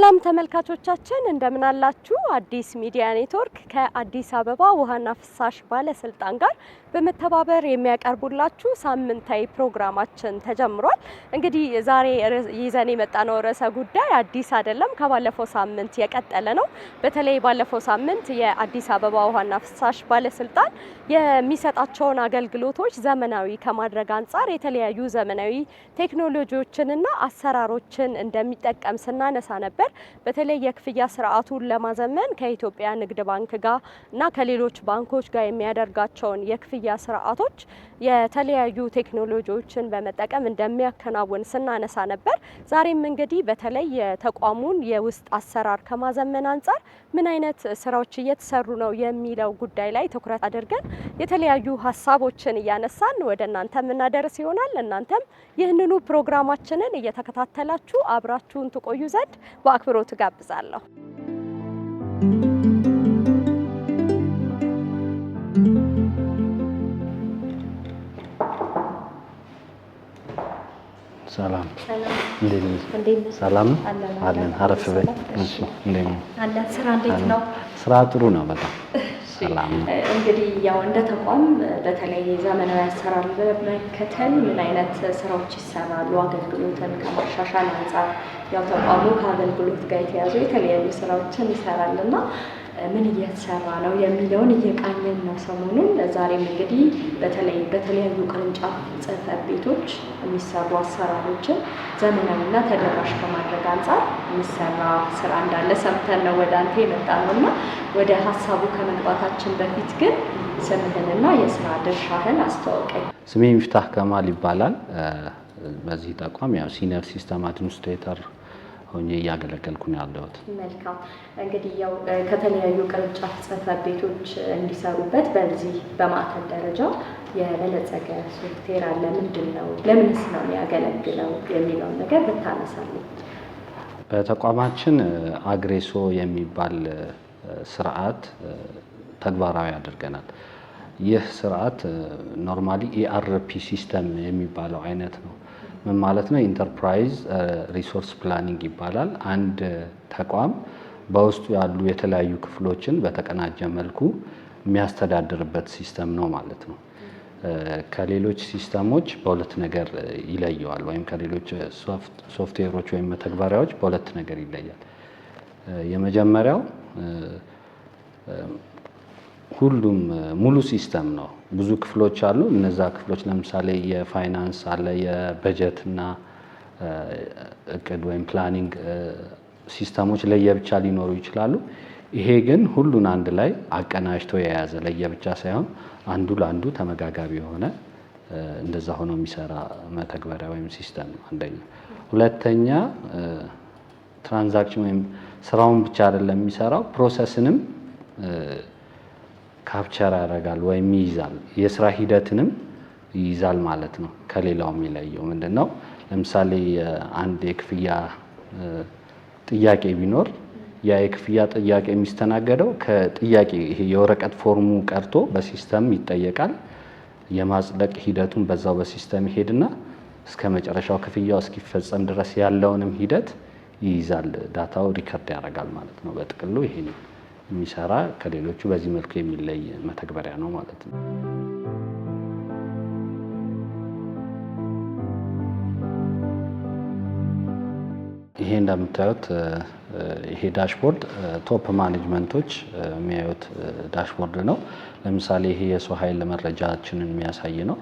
ሰላም ተመልካቾቻችን እንደምን አላችሁ? አዲስ ሚዲያ ኔትወርክ ከአዲስ አበባ ውሃና ፍሳሽ ባለስልጣን ጋር በመተባበር የሚያቀርቡላችሁ ሳምንታዊ ፕሮግራማችን ተጀምሯል። እንግዲህ ዛሬ ይዘን የመጣነው ርዕሰ ጉዳይ አዲስ አይደለም፣ ከባለፈው ሳምንት የቀጠለ ነው። በተለይ ባለፈው ሳምንት የአዲስ አበባ ውሃና ፍሳሽ ባለስልጣን የሚሰጣቸውን አገልግሎቶች ዘመናዊ ከማድረግ አንጻር የተለያዩ ዘመናዊ ቴክኖሎጂዎችንና አሰራሮችን እንደሚጠቀም ስናነሳ ነበር። በተለይ የክፍያ ስርዓቱን ለማዘመን ከኢትዮጵያ ንግድ ባንክ ጋር እና ከሌሎች ባንኮች ጋር የሚያደርጋቸውን የክፍያ የክፍያ ስርዓቶች የተለያዩ ቴክኖሎጂዎችን በመጠቀም እንደሚያከናውን ስናነሳ ነበር። ዛሬም እንግዲህ በተለይ የተቋሙን የውስጥ አሰራር ከማዘመን አንጻር ምን አይነት ስራዎች እየተሰሩ ነው የሚለው ጉዳይ ላይ ትኩረት አድርገን የተለያዩ ሀሳቦችን እያነሳን ወደ እናንተ የምናደርስ ይሆናል። እናንተም ይህንኑ ፕሮግራማችንን እየተከታተላችሁ አብራችሁን ትቆዩ ዘንድ በአክብሮት ጋብዛለሁ። ሰላም ሰላም አለን። አረፍ በይ። ስራ ጥሩ ነው በጣም ሰላም ነው። እንግዲህ ያው እንደ ተቋም በተለይ ዘመናዊ አሰራር በመከተል ምን አይነት ስራዎች ይሰራሉ? አገልግሎትን ከማሻሻል አንጻር ያው ተቋሙ ከአገልግሎት ጋር የተያዙ የተለያዩ ስራዎችን ይሰራል እና ምን እየተሰራ ነው የሚለውን እየቃኘን ነው ሰሞኑን። ዛሬም እንግዲህ በተለይ በተለያዩ ቅርንጫፍ ጽህፈት ቤቶች የሚሰሩ አሰራሮችን ዘመናዊና ተደራሽ ከማድረግ አንጻር የሚሰራ ስራ እንዳለ ሰምተን ነው ወደ አንተ የመጣ ነው እና ወደ ሀሳቡ ከመግባታችን በፊት ግን ስምህንና የስራ ድርሻህን አስተዋውቀኝ። ስሜ ሚፍታህ ከማል ይባላል። በዚህ ተቋም ያው ሲኒየር ሲስተም አድሚኒስትሬተር ሆኜ እያገለገልኩ ነው ያለሁት። መልካም እንግዲህ ያው ከተለያዩ ቅርንጫፍ ጽህፈት ቤቶች እንዲሰሩበት በዚህ በማዕከል ደረጃ የበለጸገ ሶፍትዌር አለ። ምንድን ነው ለምንስ ነው የሚያገለግለው የሚለውን ነገር ብታነሳለን። በተቋማችን አግሬሶ የሚባል ስርዓት ተግባራዊ አድርገናል። ይህ ስርዓት ኖርማሊ ኢአርፒ ሲስተም የሚባለው አይነት ነው። ምን ማለት ነው? ኢንተርፕራይዝ ሪሶርስ ፕላኒንግ ይባላል። አንድ ተቋም በውስጡ ያሉ የተለያዩ ክፍሎችን በተቀናጀ መልኩ የሚያስተዳድርበት ሲስተም ነው ማለት ነው። ከሌሎች ሲስተሞች በሁለት ነገር ይለየዋል፣ ወይም ከሌሎች ሶፍትዌሮች ወይም መተግበሪያዎች በሁለት ነገር ይለያል። የመጀመሪያው ሁሉም ሙሉ ሲስተም ነው። ብዙ ክፍሎች አሉ። እነዛ ክፍሎች ለምሳሌ የፋይናንስ አለ፣ የበጀት እና እቅድ ወይም ፕላኒንግ ሲስተሞች ለየብቻ ሊኖሩ ይችላሉ። ይሄ ግን ሁሉን አንድ ላይ አቀናጅቶ የያዘ ለየብቻ ሳይሆን አንዱ ለአንዱ ተመጋጋቢ የሆነ እንደዛ ሆኖ የሚሰራ መተግበሪያ ወይም ሲስተም ነው። አንደኛ። ሁለተኛ ትራንዛክሽን ወይም ስራውን ብቻ አይደለም የሚሰራው ፕሮሰስንም ካፕቸር ያደርጋል ወይም ይይዛል። የስራ ሂደትንም ይይዛል ማለት ነው። ከሌላው የሚለየው ምንድን ነው? ለምሳሌ አንድ የክፍያ ጥያቄ ቢኖር ያ የክፍያ ጥያቄ የሚስተናገደው ከጥያቄ ይሄ የወረቀት ፎርሙ ቀርቶ በሲስተም ይጠየቃል። የማጽደቅ ሂደቱን በዛው በሲስተም ይሄድና እስከ መጨረሻው ክፍያው እስኪፈጸም ድረስ ያለውንም ሂደት ይይዛል። ዳታው ሪከርድ ያደርጋል ማለት ነው። በጥቅሉ ይሄ ነው። የሚሰራ ከሌሎቹ በዚህ መልኩ የሚለይ መተግበሪያ ነው ማለት ነው። ይሄ እንደምታዩት ይሄ ዳሽቦርድ ቶፕ ማኔጅመንቶች የሚያዩት ዳሽቦርድ ነው። ለምሳሌ ይሄ የሰው ኃይል መረጃችንን የሚያሳይ ነው።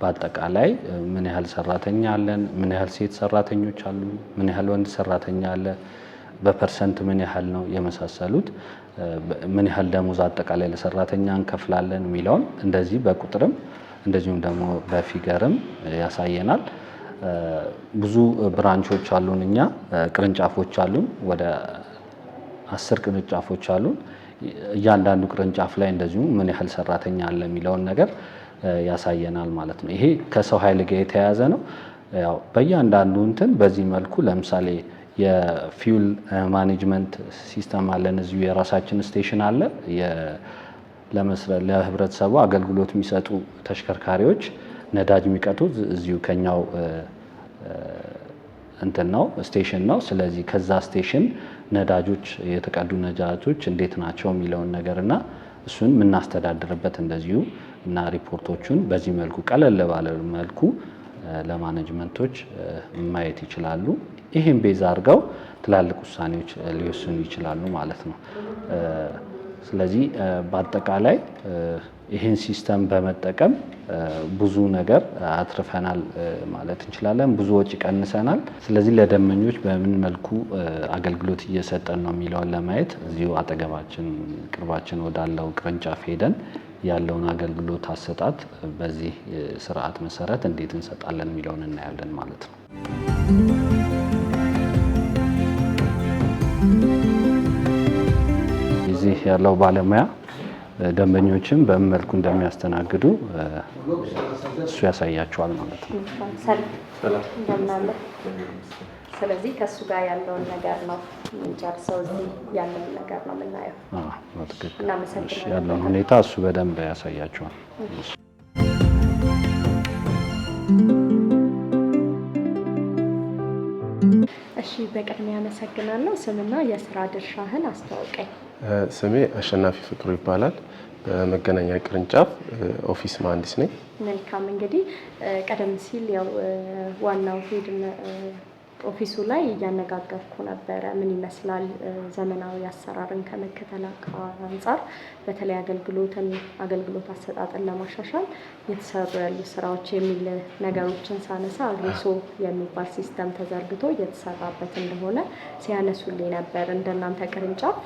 በአጠቃላይ ምን ያህል ሰራተኛ አለን፣ ምን ያህል ሴት ሰራተኞች አሉ፣ ምን ያህል ወንድ ሰራተኛ አለ፣ በፐርሰንት ምን ያህል ነው የመሳሰሉት ምን ያህል ደሞዝ አጠቃላይ ለሰራተኛ እንከፍላለን የሚለውን እንደዚህ በቁጥርም እንደዚሁም ደግሞ በፊገርም ያሳየናል። ብዙ ብራንቾች አሉን፣ እኛ ቅርንጫፎች አሉን፣ ወደ አስር ቅርንጫፎች አሉን። እያንዳንዱ ቅርንጫፍ ላይ እንደዚሁ ምን ያህል ሰራተኛ አለ የሚለውን ነገር ያሳየናል ማለት ነው። ይሄ ከሰው ኃይል ጋር የተያያዘ ነው። ያው በእያንዳንዱ እንትን በዚህ መልኩ ለምሳሌ የፊውል ማኔጅመንት ሲስተም አለን። እዚሁ የራሳችን ስቴሽን አለ። ለህብረተሰቡ አገልግሎት የሚሰጡ ተሽከርካሪዎች ነዳጅ የሚቀጡ እዚሁ ከኛው እንትን ነው ስቴሽን ነው። ስለዚህ ከዛ ስቴሽን ነዳጆች የተቀዱ ነዳጆች እንዴት ናቸው የሚለውን ነገር እና እሱን የምናስተዳድርበት እንደዚሁ እና ሪፖርቶቹን በዚህ መልኩ ቀለል ባለ መልኩ ለማኔጅመንቶች ማየት ይችላሉ። ይህን ቤዝ አድርገው ትላልቅ ውሳኔዎች ሊወስኑ ይችላሉ ማለት ነው። ስለዚህ በአጠቃላይ ይህን ሲስተም በመጠቀም ብዙ ነገር አትርፈናል ማለት እንችላለን። ብዙ ወጪ ቀንሰናል። ስለዚህ ለደንበኞች በምን መልኩ አገልግሎት እየሰጠን ነው የሚለውን ለማየት እዚሁ አጠገባችን ቅርባችን ወዳለው ቅርንጫፍ ሄደን ያለውን አገልግሎት አሰጣት በዚህ ስርዓት መሰረት እንዴት እንሰጣለን የሚለውን እናያለን ማለት ነው። እዚህ ያለው ባለሙያ ደንበኞችን በምን መልኩ እንደሚያስተናግዱ እሱ ያሳያቸዋል ማለት ነው። ስለዚህ ከእሱ ጋር ያለውን ነገር ነው የምንጨርሰው። እዚህ ያለን ነገር ነው የምናየው። ያለውን ሁኔታ እሱ በደንብ ያሳያቸዋል። እሺ፣ በቅድሚያ አመሰግናለሁ። ስምና የስራ ድርሻህን አስተዋውቀኝ። ስሜ አሸናፊ ፍቅሩ ይባላል። በመገናኛ ቅርንጫፍ ኦፊስ መሀንዲስ ነኝ። መልካም እንግዲህ ቀደም ሲል ያው ዋናው ሄድ ኦፊሱ ላይ እያነጋገርኩ ነበረ። ምን ይመስላል ዘመናዊ አሰራርን ከመከተል አንጻር በተለይ አገልግሎትን አገልግሎት አሰጣጥን ለማሻሻል እየተሰሩ ያሉ ስራዎች የሚል ነገሮችን ሳነሳ አግሪሶ የሚባል ሲስተም ተዘርግቶ እየተሰራበት እንደሆነ ሲያነሱልኝ ነበር። እንደናንተ ቅርንጫፍ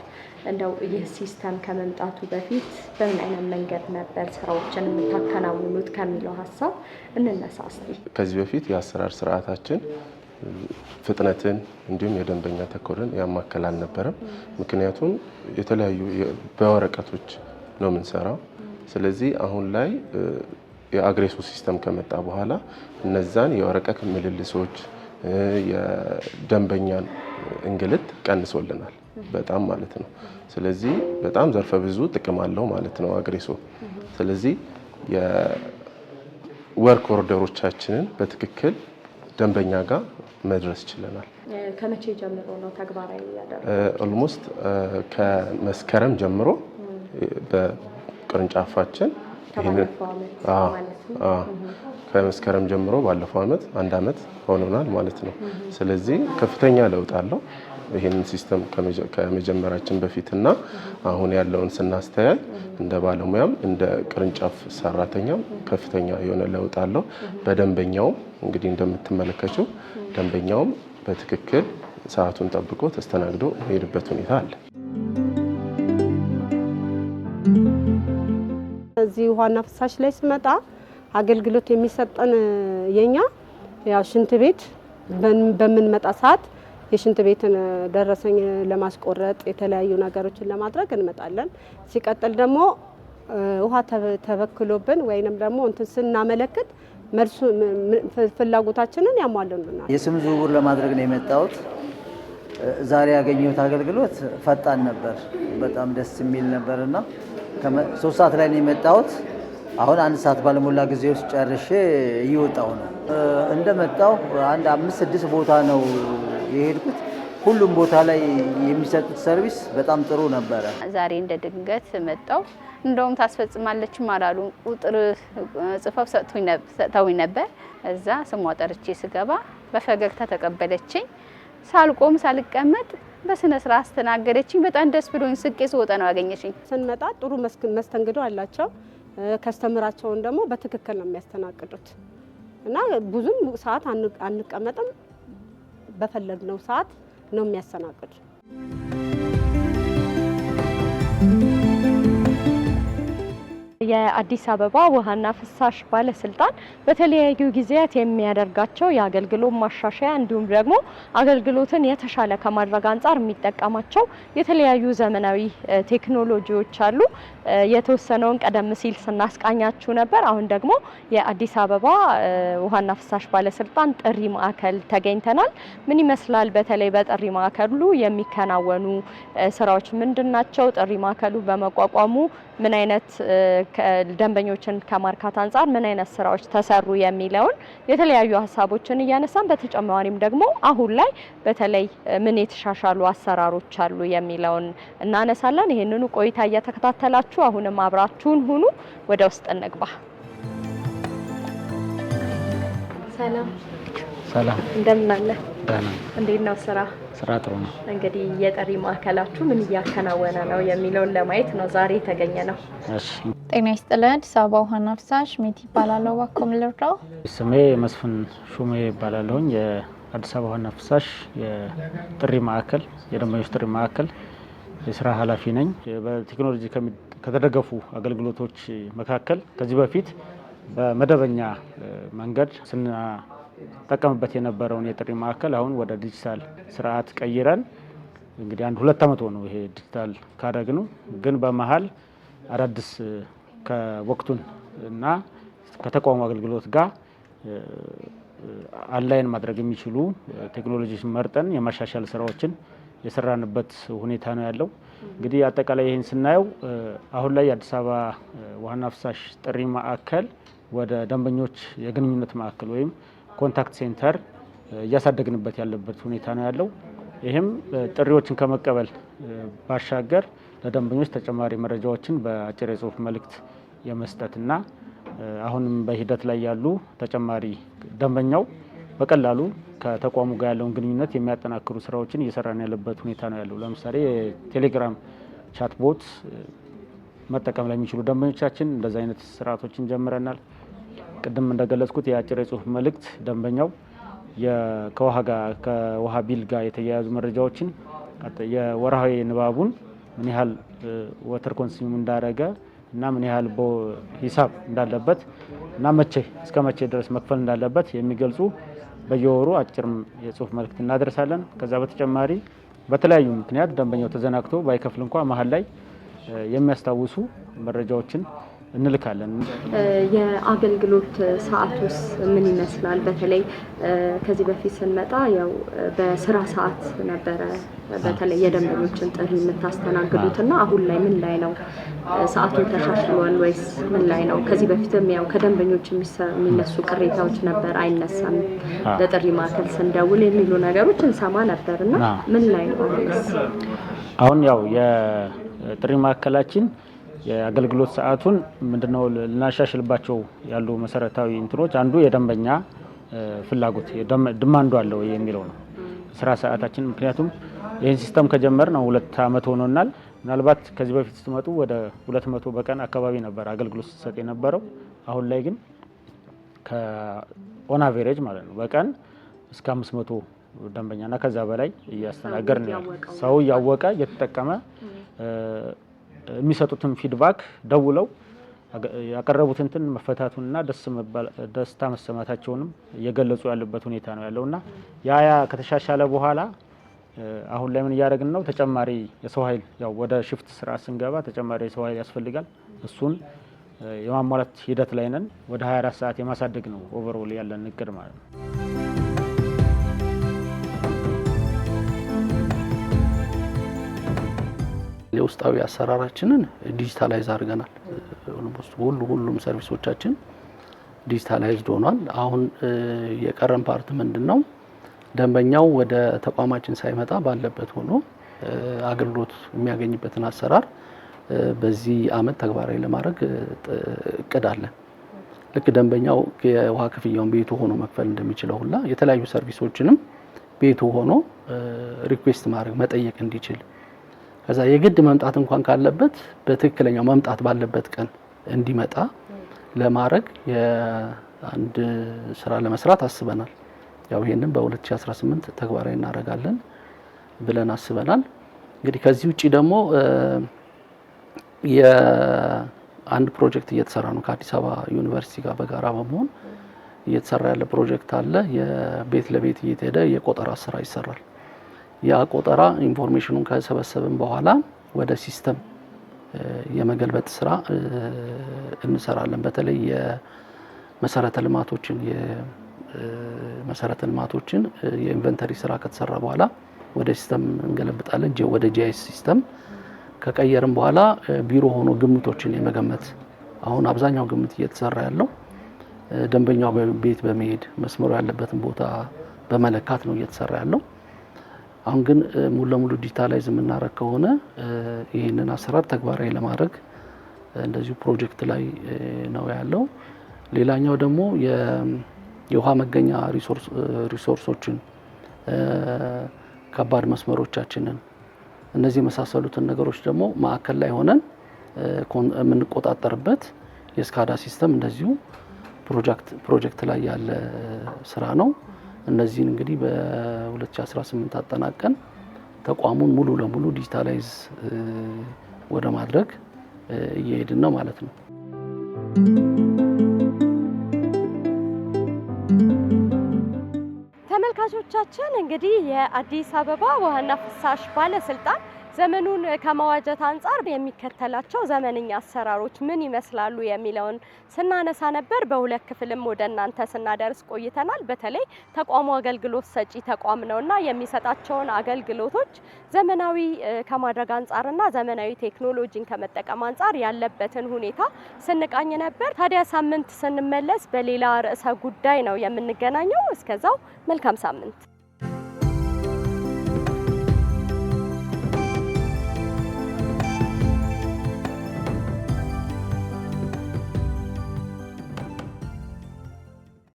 እንደው ይህ ሲስተም ከመምጣቱ በፊት በምን አይነት መንገድ ነበር ስራዎችን የምታከናውኑት ከሚለው ሀሳብ እንነሳ ከዚህ በፊት የአሰራር ስርዓታችን ፍጥነትን እንዲሁም የደንበኛ ተኮርን ያማከል አልነበረም። ምክንያቱም የተለያዩ በወረቀቶች ነው የምንሰራው። ስለዚህ አሁን ላይ የአግሬሶ ሲስተም ከመጣ በኋላ እነዛን የወረቀት ምልልሶች የደንበኛን እንግልት ቀንሶልናል በጣም ማለት ነው። ስለዚህ በጣም ዘርፈ ብዙ ጥቅም አለው ማለት ነው አግሬሶ። ስለዚህ የወርክ ኦርደሮቻችንን በትክክል ደንበኛ ጋር መድረስ ችለናል። ከመቼ ጀምሮ ነው ተግባራዊ ያደረገው? ኦልሞስት ከመስከረም ጀምሮ በቅርንጫፋችን ከመስከረም ጀምሮ ባለፈው ዓመት አንድ ዓመት ሆኖናል ማለት ነው። ስለዚህ ከፍተኛ ለውጥ አለው። ይህንን ሲስተም ከመጀመራችን በፊትና አሁን ያለውን ስናስተያይ እንደ ባለሙያም እንደ ቅርንጫፍ ሰራተኛም ከፍተኛ የሆነ ለውጥ አለው። በደንበኛውም እንግዲህ እንደምትመለከችው ደንበኛውም በትክክል ሰዓቱን ጠብቆ ተስተናግዶ የሄድበት ሁኔታ አለ። እዚህ ውሃና ፍሳሽ ላይ ስመጣ አገልግሎት የሚሰጠን የኛ ያው ሽንት ቤት በምንመጣ ሰዓት የሽንት ቤትን ደረሰኝ ለማስቆረጥ የተለያዩ ነገሮችን ለማድረግ እንመጣለን። ሲቀጥል ደግሞ ውሃ ተበክሎብን ወይንም ደግሞ እንትን ስናመለክት መልሱ ፍላጎታችንን ያሟልልናል። የስም ዝውውር ለማድረግ ነው የመጣሁት። ዛሬ ያገኘሁት አገልግሎት ፈጣን ነበር፣ በጣም ደስ የሚል ነበር እና ሶስት ሰዓት ላይ ነው የመጣሁት። አሁን አንድ ሰዓት ባለሞላ ጊዜ ውስጥ ጨርሼ እየወጣሁ ነው። እንደመጣሁ አንድ አምስት ስድስት ቦታ ነው የሄድኩት ሁሉም ቦታ ላይ የሚሰጡት ሰርቪስ በጣም ጥሩ ነበረ። ዛሬ እንደ ድንገት መጣው እንደውም ታስፈጽማለችም አላሉ። ቁጥር ጽፈው ሰጥተውኝ ነበር። እዛ ስሟ ጠርቼ ስገባ በፈገግታ ተቀበለችኝ። ሳልቆም ሳልቀመጥ በስነ ስርዓት አስተናገደችኝ። በጣም ደስ ብሎኝ ስቄ ስወጣ ነው ያገኘችኝ። ስንመጣ ጥሩ መስተንግዶ አላቸው። ከስተምራቸውን ደግሞ በትክክል ነው የሚያስተናግዱት እና ብዙም ሰዓት አንቀመጥም። በፈለግነው ሰዓት ነው የሚያስተናግድ የአዲስ አበባ ውሃና ፍሳሽ ባለስልጣን በተለያዩ ጊዜያት የሚያደርጋቸው የአገልግሎት ማሻሻያ እንዲሁም ደግሞ አገልግሎትን የተሻለ ከማድረግ አንጻር የሚጠቀማቸው የተለያዩ ዘመናዊ ቴክኖሎጂዎች አሉ። የተወሰነውን ቀደም ሲል ስናስቃኛችሁ ነበር። አሁን ደግሞ የአዲስ አበባ ውሃና ፍሳሽ ባለስልጣን ጥሪ ማዕከል ተገኝተናል። ምን ይመስላል? በተለይ በጥሪ ማዕከሉ የሚከናወኑ ስራዎች ምንድን ናቸው? ጥሪ ማዕከሉ በመቋቋሙ ምን አይነት ደንበኞችን ከማርካት አንጻር ምን አይነት ስራዎች ተሰሩ የሚለውን የተለያዩ ሀሳቦችን እያነሳን በተጨማሪም ደግሞ አሁን ላይ በተለይ ምን የተሻሻሉ አሰራሮች አሉ የሚለውን እናነሳለን። ይህንኑ ቆይታ እየተከታተላችሁ አሁንም አብራችሁን ሁኑ። ወደ ውስጥ እንግባ። ሰላም ሰላም እንደምን አለ? እንዴት ነው ስራ? ስራ ጥሩ ነው። እንግዲህ የጠሪ ማዕከላችሁ ምን እያከናወነ ነው የሚለውን ለማየት ነው ዛሬ የተገኘ ነው። ጤና ይስጥልህ። አዲስ አበባ ውሃና ፍሳሽ ሜት ይባላለሁ። እባክዎ ምን ልርዳው? ስሜ መስፍን ሹሜ ይባላለሁኝ። የአዲስ አበባ ውሃና ፍሳሽ የጥሪ ማዕከል የደንበኞች ጥሪ ማዕከል የስራ ኃላፊ ነኝ። በቴክኖሎጂ ከተደገፉ አገልግሎቶች መካከል ከዚህ በፊት በመደበኛ መንገድ ስና ጠቀምበት የነበረውን የጥሪ ማዕከል አሁን ወደ ዲጂታል ስርዓት ቀይረን እንግዲህ አንድ ሁለት ዓመት ሆኖ ይሄ ዲጂታል ካደረግ ነው። ግን በመሀል አዳዲስ ከወቅቱን እና ከተቋሙ አገልግሎት ጋር አንላይን ማድረግ የሚችሉ ቴክኖሎጂዎች መርጠን የማሻሻል ስራዎችን የሰራንበት ሁኔታ ነው ያለው። እንግዲህ አጠቃላይ ይህን ስናየው አሁን ላይ የአዲስ አበባ ውሃና ፍሳሽ ጥሪ ማዕከል ወደ ደንበኞች የግንኙነት ማዕከል ወይም ኮንታክት ሴንተር እያሳደግንበት ያለበት ሁኔታ ነው ያለው። ይህም ጥሪዎችን ከመቀበል ባሻገር ለደንበኞች ተጨማሪ መረጃዎችን በአጭር የጽሁፍ መልእክት የመስጠትና አሁንም በሂደት ላይ ያሉ ተጨማሪ ደንበኛው በቀላሉ ከተቋሙ ጋር ያለውን ግንኙነት የሚያጠናክሩ ስራዎችን እየሰራን ያለበት ሁኔታ ነው ያለው። ለምሳሌ የቴሌግራም ቻትቦት መጠቀም ለሚችሉ ደንበኞቻችን እንደዚህ አይነት ስርዓቶችን ጀምረናል። ቅድም እንደገለጽኩት የአጭር የጽሁፍ መልእክት ደንበኛው ከውሃ ጋር ከውሃ ቢል ጋር የተያያዙ መረጃዎችን የወርሃዊ ንባቡን ምን ያህል ወተር ኮንሱም እንዳደረገ እና ምን ያህል ሂሳብ እንዳለበት እና መቼ እስከ መቼ ድረስ መክፈል እንዳለበት የሚገልጹ በየወሩ አጭር የጽሁፍ መልእክት እናደርሳለን። ከዛ በተጨማሪ በተለያዩ ምክንያት ደንበኛው ተዘናግቶ ባይከፍል እንኳ መሀል ላይ የሚያስታውሱ መረጃዎችን እንልካለን። የአገልግሎት ሰዓቱስ ምን ይመስላል? በተለይ ከዚህ በፊት ስንመጣ ያው በስራ ሰዓት ነበረ በተለይ የደንበኞችን ጥሪ የምታስተናግዱት እና አሁን ላይ ምን ላይ ነው? ሰዓቱን ተሻሽሏል ወይስ ምን ላይ ነው? ከዚህ በፊትም ያው ከደንበኞች የሚነሱ ቅሬታዎች ነበር፣ አይነሳም ለጥሪ ማዕከል ስንደውል የሚሉ ነገሮች እንሰማ ነበር እና ምን ላይ ነው አሁን ያው የጥሪ ማዕከላችን የአገልግሎት ሰዓቱን ምንድነው ልናሻሽልባቸው ያሉ መሰረታዊ እንትኖች አንዱ የደንበኛ ፍላጎት ድማንዱ አለው የሚለው ነው። ስራ ሰዓታችን ምክንያቱም ይህን ሲስተም ከጀመር ነው ሁለት አመት ሆኖናል። ምናልባት ከዚህ በፊት ስትመጡ ወደ ሁለት መቶ በቀን አካባቢ ነበር አገልግሎት ስትሰጥ የነበረው። አሁን ላይ ግን ከኦን አቬሬጅ ማለት ነው በቀን እስከ አምስት መቶ ደንበኛና ከዛ በላይ እያስተናገር ነው ያለ ሰው እያወቀ እየተጠቀመ የሚሰጡትን ፊድባክ ደውለው ያቀረቡት እንትን መፈታቱንና ደስታ መሰማታቸውንም እየገለጹ ያሉበት ሁኔታ ነው ያለውና ያ ያ ከተሻሻለ በኋላ አሁን ላይ ምን እያደረግን ነው? ተጨማሪ የሰው ኃይል ያው ወደ ሽፍት ስርዓት ስንገባ ተጨማሪ የሰው ኃይል ያስፈልጋል። እሱን የማሟላት ሂደት ላይ ነን። ወደ 24 ሰዓት የማሳደግ ነው ኦቨርኦል ያለን እቅድ ማለት ነው። የውስጣዊ አሰራራችንን ዲጂታላይዝ አድርገናል። ኦልሞስት ሁሉ ሁሉም ሰርቪሶቻችን ዲጂታላይዝድ ሆኗል። አሁን የቀረን ፓርት ምንድን ነው? ደንበኛው ወደ ተቋማችን ሳይመጣ ባለበት ሆኖ አገልግሎት የሚያገኝበትን አሰራር በዚህ አመት ተግባራዊ ለማድረግ እቅድ አለን። ልክ ደንበኛው የውሃ ክፍያውን ቤቱ ሆኖ መክፈል እንደሚችለው ሁላ የተለያዩ ሰርቪሶችንም ቤቱ ሆኖ ሪኩዌስት ማድረግ መጠየቅ እንዲችል ከዛ የግድ መምጣት እንኳን ካለበት በትክክለኛው መምጣት ባለበት ቀን እንዲመጣ ለማድረግ የአንድ ስራ ለመስራት አስበናል። ያው ይህንም በ2018 ተግባራዊ እናደርጋለን ብለን አስበናል። እንግዲህ ከዚህ ውጭ ደግሞ የአንድ ፕሮጀክት እየተሰራ ነው ከአዲስ አበባ ዩኒቨርሲቲ ጋር በጋራ በመሆን እየተሰራ ያለ ፕሮጀክት አለ። የቤት ለቤት እየተሄደ የቆጠራ ስራ ይሰራል። ያ ቆጠራ ኢንፎርሜሽኑን ከሰበሰብን በኋላ ወደ ሲስተም የመገልበጥ ስራ እንሰራለን። በተለይ የመሰረተ ልማቶችን የመሰረተ ልማቶችን የኢንቨንተሪ ስራ ከተሰራ በኋላ ወደ ሲስተም እንገለብጣለን። ወደ ጂአይኤስ ሲስተም ከቀየርም በኋላ ቢሮ ሆኖ ግምቶችን የመገመት አሁን አብዛኛው ግምት እየተሰራ ያለው ደንበኛው ቤት በመሄድ መስመሩ ያለበትን ቦታ በመለካት ነው እየተሰራ ያለው። አሁን ግን ሙሉ ለሙሉ ዲጂታላይዝ የምናደረግ ከሆነ ይህንን አሰራር ተግባራዊ ለማድረግ እንደዚሁ ፕሮጀክት ላይ ነው ያለው። ሌላኛው ደግሞ የውሃ መገኛ ሪሶርሶችን፣ ከባድ መስመሮቻችንን እነዚህ የመሳሰሉትን ነገሮች ደግሞ ማዕከል ላይ ሆነን የምንቆጣጠርበት የስካዳ ሲስተም እንደዚሁ ፕሮጀክት ላይ ያለ ስራ ነው። እነዚህን እንግዲህ በ2018 አጠናቀን ተቋሙን ሙሉ ለሙሉ ዲጂታላይዝ ወደ ማድረግ እየሄድን ነው ማለት ነው። ተመልካቾቻችን እንግዲህ የአዲስ አበባ ውሃና ፍሳሽ ባለስልጣን ዘመኑን ከመዋጀት አንጻር የሚከተላቸው ዘመንኛ አሰራሮች ምን ይመስላሉ የሚለውን ስናነሳ ነበር። በሁለት ክፍልም ወደ እናንተ ስናደርስ ቆይተናል። በተለይ ተቋሙ አገልግሎት ሰጪ ተቋም ነውና የሚሰጣቸውን አገልግሎቶች ዘመናዊ ከማድረግ አንጻርና ዘመናዊ ቴክኖሎጂን ከመጠቀም አንጻር ያለበትን ሁኔታ ስንቃኝ ነበር። ታዲያ ሳምንት ስንመለስ በሌላ ርዕሰ ጉዳይ ነው የምንገናኘው። እስከዛው መልካም ሳምንት